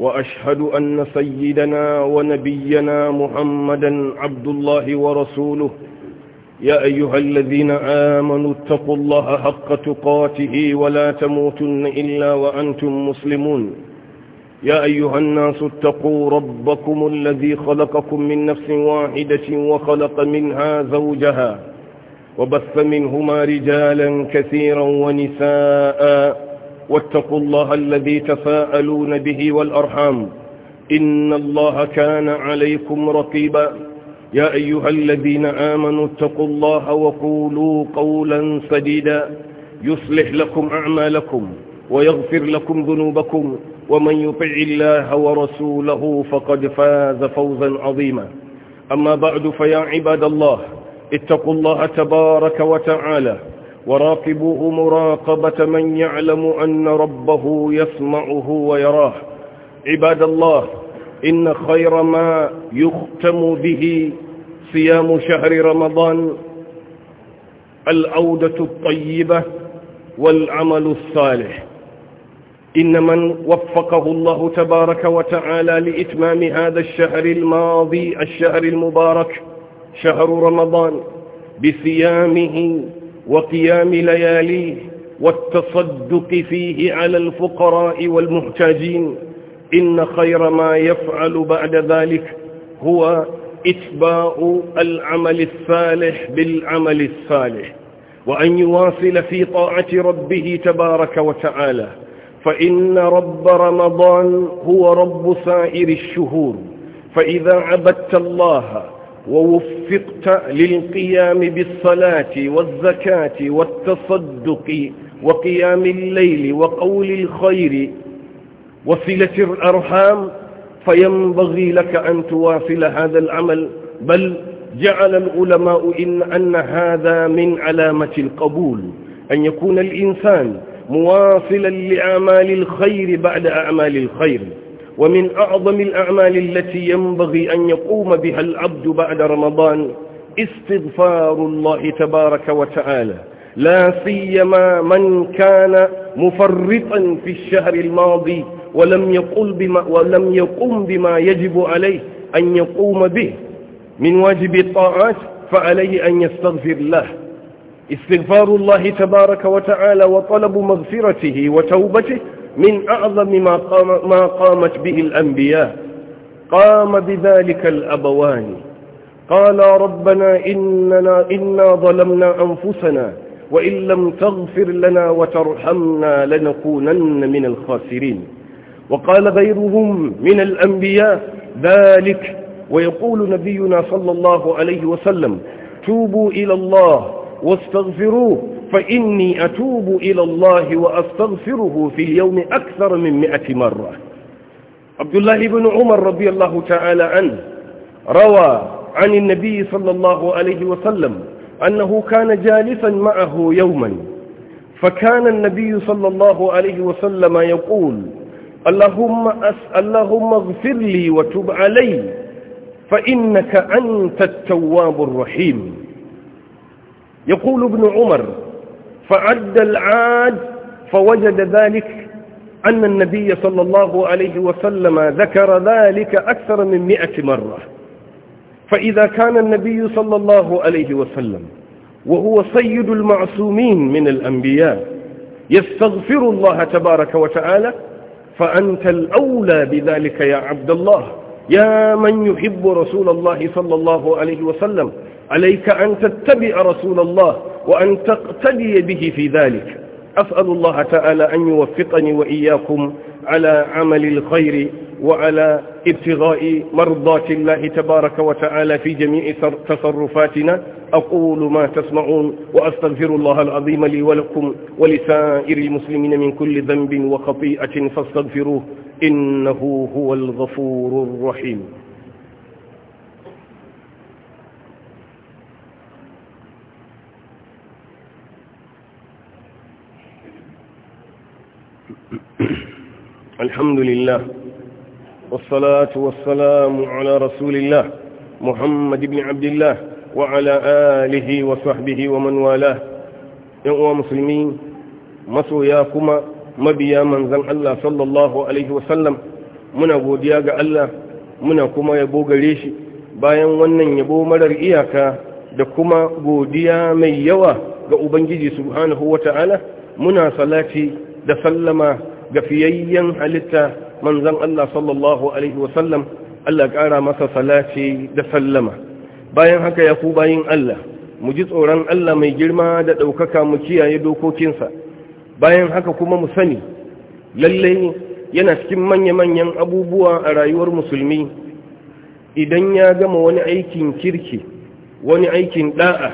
وأشهد أن سيدنا ونبينا محمدا عبد الله ورسوله يا أيها الذين آمنوا اتقوا الله حق تقاته ولا تموتن إلا وأنتم مسلمون يا أيها الناس اتقوا ربكم الذي خلقكم من نفس واحدة وخلق منها زوجها وبث منهما رجالا كثيرا ونساءً واتقوا الله الذي تفاءلون به والأرحام إن الله كان عليكم رقيبا يا أيها الذين آمنوا اتقوا الله وقولوا قولا سديدا يصلح لكم أعمالكم ويغفر لكم ذنوبكم ومن يطع الله ورسوله فقد فاز فوزا عظيما أما بعد فيا عباد الله اتقوا الله تبارك وتعالى وراقبوه مراقبة من يعلم أن ربه يسمعه ويراه عباد الله إن خير ما يختم به صيام شهر رمضان العودة الطيبة والعمل الصالح إن من وفقه الله تبارك وتعالى لإتمام هذا الشهر الماضي الشهر المبارك شهر رمضان بصيامه وقيام لياليه والتصدق فيه على الفقراء والمحتاجين إن خير ما يفعل بعد ذلك هو إتباع العمل الصالح بالعمل الصالح وأن يواصل في طاعة ربه تبارك وتعالى فإن رب رمضان هو رب سائر الشهور فإذا عبدت الله ووفقت للقيام بالصلاة والزكاة والتصدق وقيام الليل وقول الخير وصلة الأرحام فينبغي لك أن توافل هذا العمل بل جعل العلماء إن أن هذا من علامة القبول أن يكون الإنسان مواصلا لأعمال الخير بعد أعمال الخير ومن أعظم الأعمال التي ينبغي أن يقوم بها العبد بعد رمضان استغفار الله تبارك وتعالى لا سيما من كان مفرطا في الشهر الماضي ولم يقل بما ولم يقم بما يجب عليه أن يقوم به من واجب الطاعات فعليه أن يستغفر الله استغفار الله تبارك وتعالى وطلب مغفرته وتوبته من أعظم ما, قام ما قامت به الأنبياء قام بذلك الأبوان قال ربنا إننا إنا ظلمنا أنفسنا وإن لم تغفر لنا وترحمنا لنكونن من الخاسرين وقال غيرهم من الأنبياء ذلك ويقول نبينا صلى الله عليه وسلم توبوا إلى الله واستغفروه فإني أتوب إلى الله وأستغفره في اليوم أكثر من مئة مرة عبد الله بن عمر رضي الله تعالى عنه روى عن النبي صلى الله عليه وسلم أنه كان جالسا معه يوما فكان النبي صلى الله عليه وسلم يقول اللهم, اللهم اغفر لي وتب علي فإنك أنت التواب الرحيم يقول ابن عمر فعد العاد فوجد ذلك أن النبي صلى الله عليه وسلم ذكر ذلك أكثر من مئة مرة فإذا كان النبي صلى الله عليه وسلم وهو سيد المعصومين من الأنبياء يستغفر الله تبارك وتعالى فأنت الأولى بذلك يا عبد الله يا من يحب رسول الله صلى الله عليه وسلم عليك أن تتبع رسول الله وأن تقتدي به في ذلك أسأل الله تعالى أن يوفقني وإياكم على عمل الخير وعلى ابتغاء مرضات الله تبارك وتعالى في جميع تصرفاتنا أقول ما تسمعون وأستغفر الله العظيم لي ولكم ولسائر المسلمين من كل ذنب وخطيئة فاستغفروه إنه هو الغفور الرحيم الحمد لله والصلاة والسلام على رسول الله محمد بن عبد الله وعلى آله وصحبه ومن والاه يقوى مسلمين masoya mabiya manzan Allah sallallahu Alaihi wasallam muna godiya ga Allah muna kuma yabo gare shi bayan wannan yabo marar iyaka da kuma godiya mai yawa ga Ubangiji subhanahu wa ta'ala muna salati da sallama ga fiyayyen halitta manzon Allah sallallahu alaihi wasallam Allah ƙara masa salati da sallama bayan haka ya ku bayin Allah mu ji tsoron Allah mai girma da ɗaukaka mu kiyaye dokokinsa bayan haka kuma mu sani lalle yana cikin manya-manyan abubuwa a rayuwar musulmi idan ya gama wani aikin kirki wani aikin da'a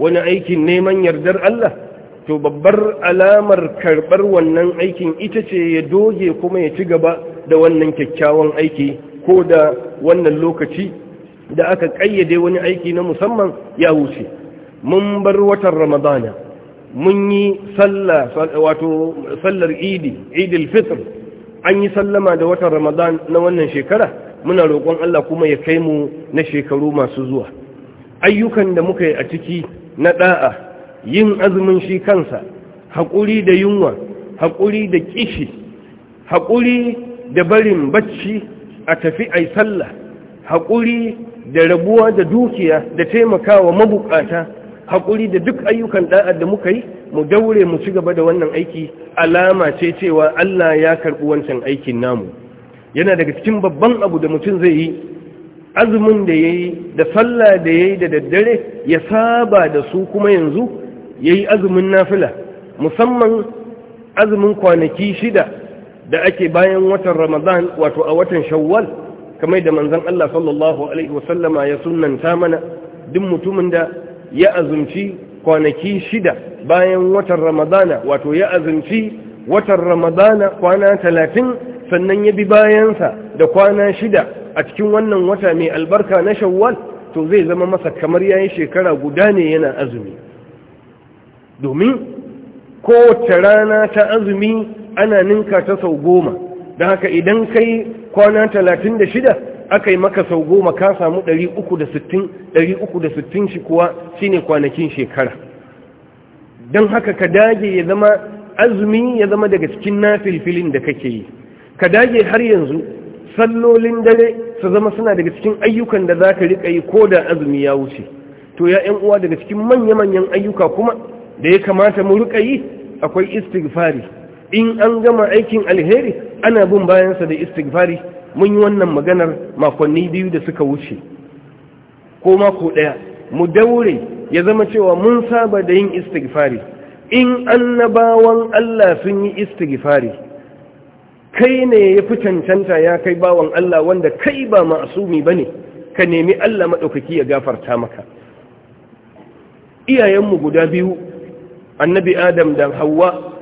wani aikin neman yardar Allah to babbar alamar karɓar wannan aikin ita ce ya doge kuma ya ci gaba da wannan kyakkyawan aiki ko da wannan lokaci da aka ƙayyade wani aiki na musamman ya wuce mun bar watan ramadana mun yi wato sallar idi idil fitr an yi sallama da watan Ramadana na wannan shekara muna roƙon Allah kuma ya kai mu na shekaru masu zuwa ayyukan da muka yi a ciki na ɗa'a yin azumin shi kansa haƙuri da yunwa haƙuri da kishi haƙuri da barin bacci a tafi ai sallah haƙuri da rabuwa da dukiya da taimakawa mabukata haƙuri da duk ayyukan da'ar da muka yi mu daure mu ci gaba da wannan aiki alama ce cewa Allah ya karɓi wancan aikin namu yana daga cikin babban abu da mutum zai yi azumin da ya yi da sallah da ya yi da daddare ya saba da su kuma yanzu ya yi azumin nafila musamman azumin kwanaki shida da ake bayan watan ramadan wato a watan shawwal kamar da manzan Allah sallallahu Alaihi wasallama ya sunanta mana duk mutumin da ya azumci kwanaki shida bayan watan ramadana wato ya azumci watan ramadana kwana talatin sannan ya bi bayansa da kwana shida a cikin wannan wata mai albarka na shawwal to zai zama masa kamar yayin shekara guda ne yana azumi domin kowace rana ta azumi ana ninka ta sau goma don haka idan kai kwana talatin da shida aka yi maka sau goma ka samu ɗari uku da sittin ɗari uku da sittin shi kuwa shine kwanakin shekara don haka ka dage ya zama azumi ya zama daga cikin nafilfilin da kake yi ka dage har yanzu sallolin dare su zama suna daga cikin ayyukan da za ka riƙa yi ko da azumi ya wuce to ya ‘yan uwa daga cikin manya-manyan ayyuka kuma da ya kamata mu rika yi akwai istighfari in an gama aikin alheri ana bin bayansa da istighfari mun yi wannan maganar makonni biyu da suka wuce ko mako ɗaya mu daure ya zama cewa mun saba da yin istighfari in annabawan Allah sun yi istighfari kai ne ya fi cancanta ya kai bawan Allah wanda kai ba ma'asumi ba ne ka nemi Allah maɗaukaki ya gafarta maka iyayenmu guda biyu annabi adam da hawa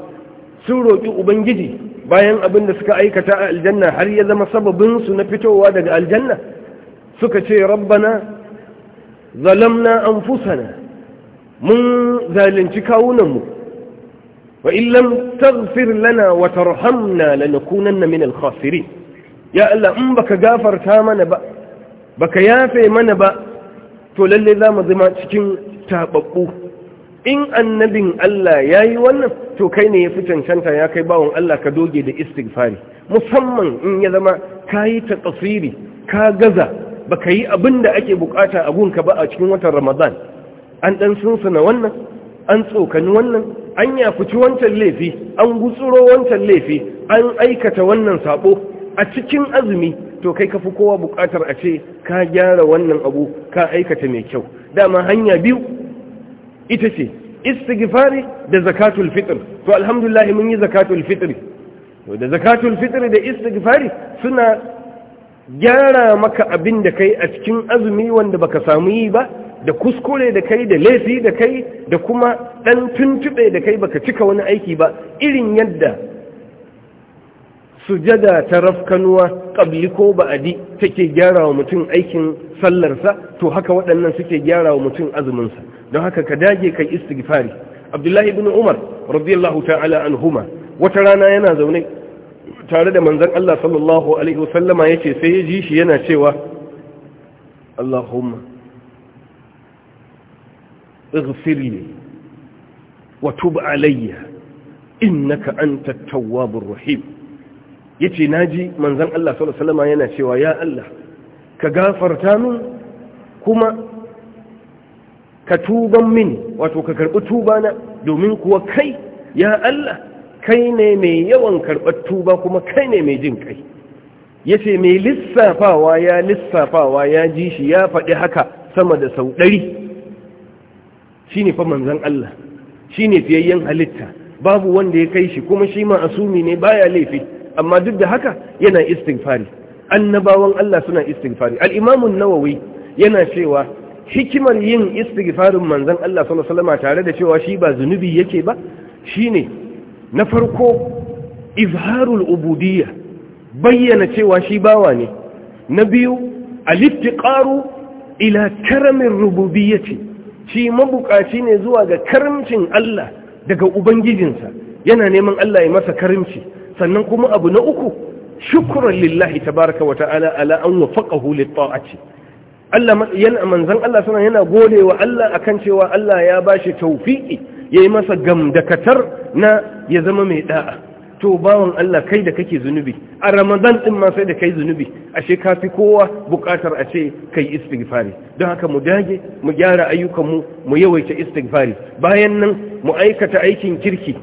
sun roƙi ubangiji bayan abin da suka aikata a aljanna har ya zama sababinsu na fitowa daga aljanna suka ce rabbana zalamna anfusana mun zalunci kawunanmu wa illam taghfir lana wa tarhamna lanakunanna min al-khasirin ya Allah in baka gafarta mana ba baka yafe mana ba to lalle za mu zama cikin tababbu in annabin Allah ya yi wannan to kai ne ya fi cancanta ya kai bawon Allah ka doge da istighfari musamman in ya zama ka yi ta tsasiri ka gaza ba ka yi abin da ake bukata a gunka ba a cikin watan ramadan an ɗan sunsuna wannan an tsokani wannan an yakuci wancan laifi an gutsuro wancan laifi an aikata wannan sabo a cikin azumi to kai ka fi kowa bukatar a ce ka gyara wannan abu ka aikata mai kyau dama hanya biyu ita ce istighfari da zakatul fitr to alhamdulillah mun yi zakatul fitr to da zakatul fitr da istighfari suna gyara maka abin da kai a cikin azumi wanda baka samu yi ba da kuskure da kai da laifi da kai da kuma dan tuntube da kai baka cika wani aiki ba irin yadda sujada ta rafkanuwa ƙabli ko ba'adi take gyara wa mutum aikin sallarsa to haka waɗannan suke gyara wa mutum azuminsa don haka ka dage kai istighfari abdullahi ibn umar radiyallahu ta'ala anhuma wata rana yana zaune tare da manzon Allah sallallahu alaihi wasallama yace sai ya ji shi yana cewa Allahumma اغفر wa tub alayya innaka anta at-tawwabur yace naji manzon Allah sallallahu alaihi wasallam yana cewa ya Allah ka gafarta min kuma ka tuban min wato ka karbi na domin kuwa kai ya Allah kai ne mai yawan karɓar tuba kuma kai ne mai jin kai yace mai lissafawa ya lissafawa ya ji shi ya faɗi haka sama da sau ɗari shi ne fa manzan Allah shi ne fiyayyen halitta babu wanda ya kai shi kuma shi ma asumi ne baya laifi amma duk da haka yana istighfari annabawan Allah suna istighfari al-Imam an-Nawawi yana cewa hikimar yin istighfarin manzon Allah sallallahu alaihi wasallam tare da cewa shi ba zunubi yake ba shine na farko izharul ubudiyya bayyana cewa shi bawa ne na biyu al-iftiqaru ila karamin rububiyyati shi mabukaci ne zuwa ga karimcin Allah daga ubangijinsa yana neman Allah ya masa karimci sannan kuma abu na uku shukuran lillahi tabaraka wa ta'ala ala an wafaqahu lit-ta'ati Allah yana manzon Allah sana yana godewa Allah akan cewa Allah ya bashi tawfiki yayi masa gamdakatar na ya zama mai da'a to bawan Allah kai da kake zunubi a ramadan din ma sai da kai zunubi ashe ka fi kowa bukatar a ce kai istighfari don haka mu dage mu gyara ayyukanmu mu yawaita istighfari bayan nan mu aikata aikin kirki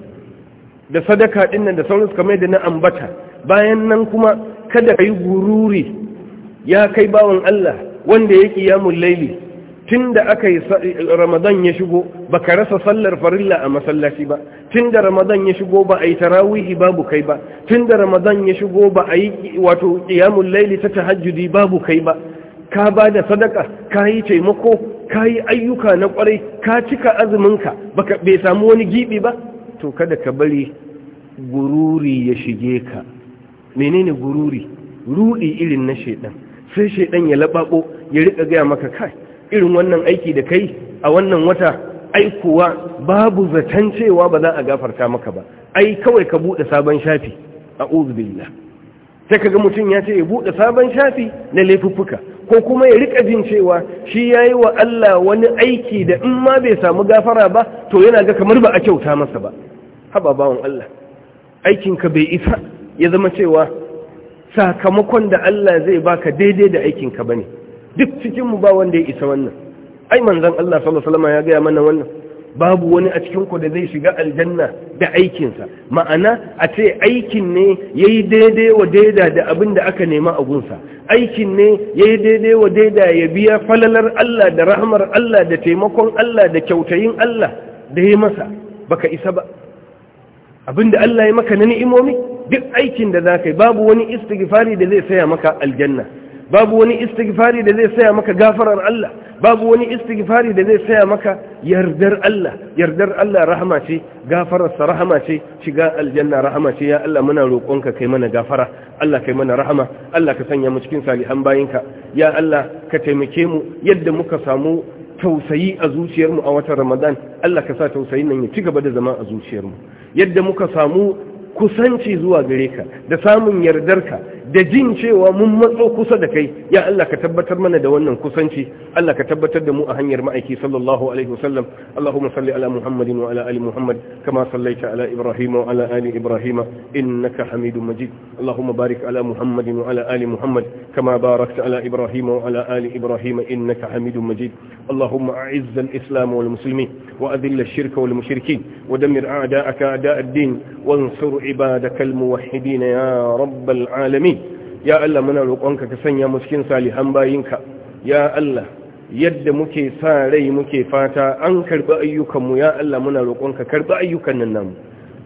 da sadaka din da sauransu kamar da na ambata bayan nan kuma kada ka yi gururi ya kai bawan Allah wanda ya yamun laili tun da aka yi ramadan ya shigo ba ka rasa sallar farilla a masallaci ba tun da ramadan ya shigo ba a yi tarawihi babu kai ba tun da ramadan ya shigo ba a yi wato kiyamun laili ta tahajjudi babu kai ba ka ba da sadaka ka yi taimako ka yi ayyuka na kwarai ka cika azuminka bai samu wani gibi ba to kada ka bari gururi ya shige ka menene gururi rudi irin na shedan sai shedan ya laɓaɓo ya rika gaya maka kai irin wannan aiki da kai a wannan wata aikuwa babu zaton cewa ba za a gafarta maka ba ai kawai ka bude sabon shafi a'udhu billah sai kaga mutum ya ce ya bude sabon shafi na laifuffuka ko kuma ya rika jin cewa shi ya yi wa Allah wani aiki da in ma bai samu gafara ba to yana ga kamar ba a kyauta masa ba haba bawon Allah aikinka bai isa ya zama cewa sakamakon da Allah zai baka daidai da aikinka ba ne. duk cikinmu ba wanda ya isa wannan ai manzon Allah sallallahu alaihi wasallam ya gaya mana wannan babu wani a cikinku da zai shiga aljanna da aikinsa ma'ana a ce aikin ne ya yi daidai wa daida da abin da aka nema a gunsa aikin ne ya yi daidai wa daida ya biya falalar Allah da rahmar Allah da taimakon Allah da kyautayin Allah da ya masa baka isa ba abin da Allah ya maka na ni'imomi duk aikin da za ka babu wani istighfari da zai saya maka aljanna babu wani istighfari da zai saya maka gafarar Allah babu wani istighfari da zai saya maka yardar Allah yardar Allah rahama ce gafararsa rahama ce shiga aljanna rahama ce ya Allah muna roƙonka kai mana gafara Allah kai mana rahama Allah ka sanya mu cikin salihan bayinka ya Allah ka taimake mu yadda muka samu tausayi a zuciyarmu a watan Ramadan Allah ka sa tausayin nan ya ci gaba da zama a zuciyarmu yadda muka samu kusanci zuwa gare ka da samun yardarka da jin cewa mun matso kusa da kai ya Allah ka tabbatar mana da wannan kusanci Allah ka tabbatar da mu a hanyar ma'aiki sallallahu alaihi wasallam Allahumma salli ala Muhammadin wa ala ali Muhammad kama sallaita ala Ibrahim wa ala ali Ibrahim innaka Hamidum Majid Allahumma barik ala Muhammadin wa ala ali Muhammad kama barakta ala Ibrahim wa ala ali Ibrahim innaka Hamidum Majid Allahumma a'izz al-islam wal muslimin wa adhill ash shirk wal mushrikeen wa dammir a'da'aka a'da' ad-din ansur ibadaka al-muwahhidin ya rabb al-alamin ya Allah muna roƙonka ka sanya mu cikin salihan bayinka ya Allah yadda muke sa rai muke fata an karɓi ayyukanmu ya Allah muna roƙonka karɓi ayyukan nan namu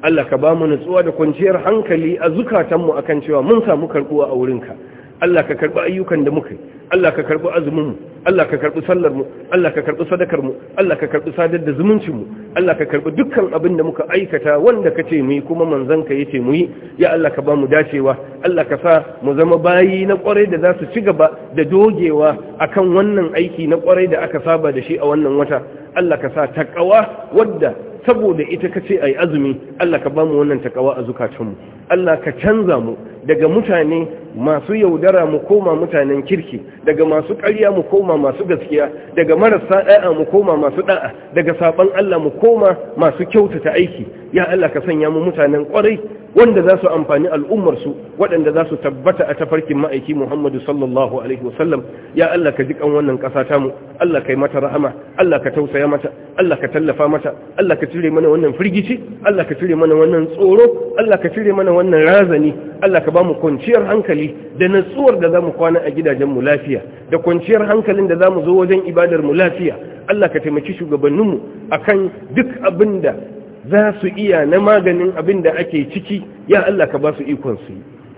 Allah ka ba mu nutsuwa da kwanciyar hankali a zukatanmu akan cewa mun samu karɓuwa a wurinka Allah ka karɓi ayyukan da muke. Allah ka karɓi azumin mu Allah ka karbi sallar mu Allah ka karbi sadakar mu Allah ka karbi sadar da zumuncin mu Allah ka karbi dukkan abin da muka aikata wanda ka ce mu yi kuma manzon ka yace mu yi ya Allah ka ba mu dacewa Allah ka sa mu zama bayi na kwarai da za su ci gaba da dogewa akan wannan aiki na kwarai da aka saba da shi a wannan wata Allah ka sa takawa wadda saboda ita kace ai azumi Allah ka ba mu wannan takawa a zukatanmu Allah ka canza mu daga mutane masu yaudara mu koma mutanen kirki daga masu ƙarya mu koma masu gaskiya daga marasa da'a mu koma masu da'a daga saban Allah mu koma masu kyautata aiki ya Allah ka sanya mu mutanen ƙwarai wanda za su amfani al'ummarsu waɗanda za su tabbata a tafarkin ma'aiki Muhammadu sallallahu alaihi wasallam ya Allah ka ji kan wannan ƙasa ta mu Allah ka yi mata rahama Allah ka tausaya mata Allah ka tallafa mata Allah ka cire mana wannan firgici Allah ka cire cire mana wannan tsoro Allah ka cire mana wannan razani Allah ka ba mu kwanciyar hankali da natsuwar da za mu kwana a gidajenmu lafiya da kwanciyar hankalin da za mu zo wajen ibadar mu lafiya Allah ka taimaki shugabanninmu akan duk abin da za su iya na maganin abin da ake ciki ya Allah ka ba su ikon su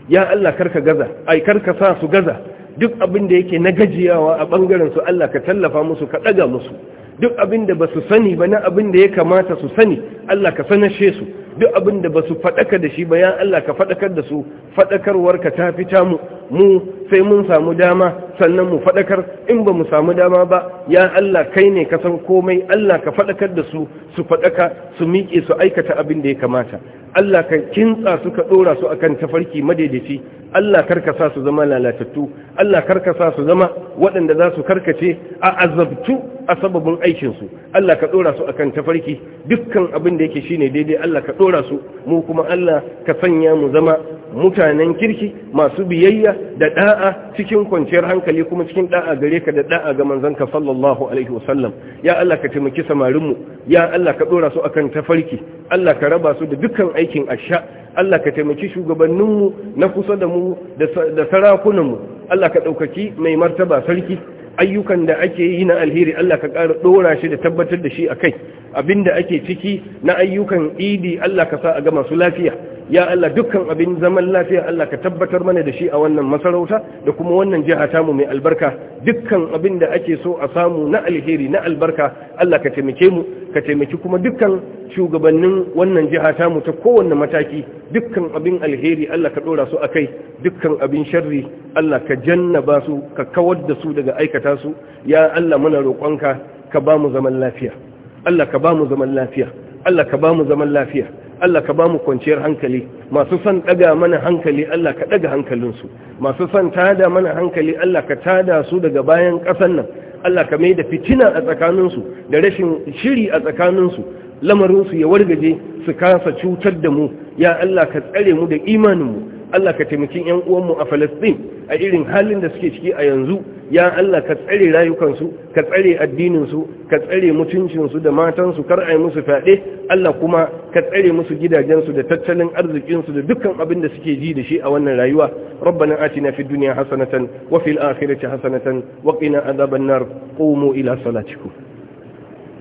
ya Allah karka gaza ai karka sa su gaza duk abin da yake na gajiyawa a bangaren su Allah ka tallafa musu ka daga musu duk abin da ba su sani ba na abin da ya kamata su sani Allah ka sanashe su duk abin da ba su faɗaka da shi bayan Allah ka faɗakar da su faɗakarwar ka ta fita mu mu sai mun samu dama sannan mu faɗakar in ba mu samu dama ba ya Allah kai ne ka san komai Allah ka faɗakar da su su faɗaka su miƙe su aikata abin da ya kamata Allah ka kintsa su ka ɗora su a kan tafarki madaidaici Allah karka sa su zama lalatattu Allah karka sa su zama waɗanda za su karkace a azabtu a sababin aikinsu Allah ka ɗora su akan tafarki dukkan abin da yake shine daidai Allah ka ɗora su mu kuma Allah ka sanya mu zama mutanen kirki masu biyayya da da'a cikin kwanciyar hankali kuma cikin da'a gare ka da da'a ga manzanka sallallahu alaihi wasallam ya Allah ka taimaki samarinmu ya Allah ka ɗora su akan tafarki Allah ka raba su da dukkan aikin asha Allah ka taimaki shugabanninmu na kusa da mu da sarakunanmu Allah ka ɗaukaki mai martaba sarki ayyukan da ake yi na alheri Allah ka ƙara ɗora shi da tabbatar da shi a kai Abin da ake ciki na ayyukan idi Allah ka sa a ga masu lafiya ya Allah dukkan abin zaman lafiya Allah ka tabbatar mana da shi a wannan masarauta da kuma wannan jiha tamu mai albarka dukkan abin da ake so a samu na alheri na albarka Allah ka taimake mu ka taimaki kuma dukkan shugabannin wannan jiha tamu ta kowanne mataki dukkan abin alheri Allah ka dora su akai dukkan abin sharri Allah ka jannaba su ka kawar da su daga aikata su ya Allah muna roƙonka ka ba mu zaman lafiya Allah ka ba mu zaman lafiya Allah ka ba mu zaman lafiya Allah ka ba mu kwanciyar hankali masu son ɗaga mana hankali Allah ka ɗaga hankalinsu masu son tada mana hankali Allah ka tada su daga bayan ƙasan nan Allah ka mai da fitina a tsakaninsu da rashin shiri a tsakaninsu lamarinsu ya wargaje su kasa cutar da mu ya Allah ka tsare mu da imaninmu Allah ka taimaki yan uwanmu a Falasɗin a irin halin da suke ciki a yanzu ya Allah ka tsare rayukansu ka tsare addininsu ka tsare mutuncinsu da matansu kar a yi musu fyaɗe Allah kuma ka tsare musu gidajensu da tattalin arzikinsu da dukkan abin da suke ji da shi a wannan rayuwa rabbana na fi duniya hasanatan wa fil akhirati hasanatan wa qina adhaban nar qumu ila Salatiku.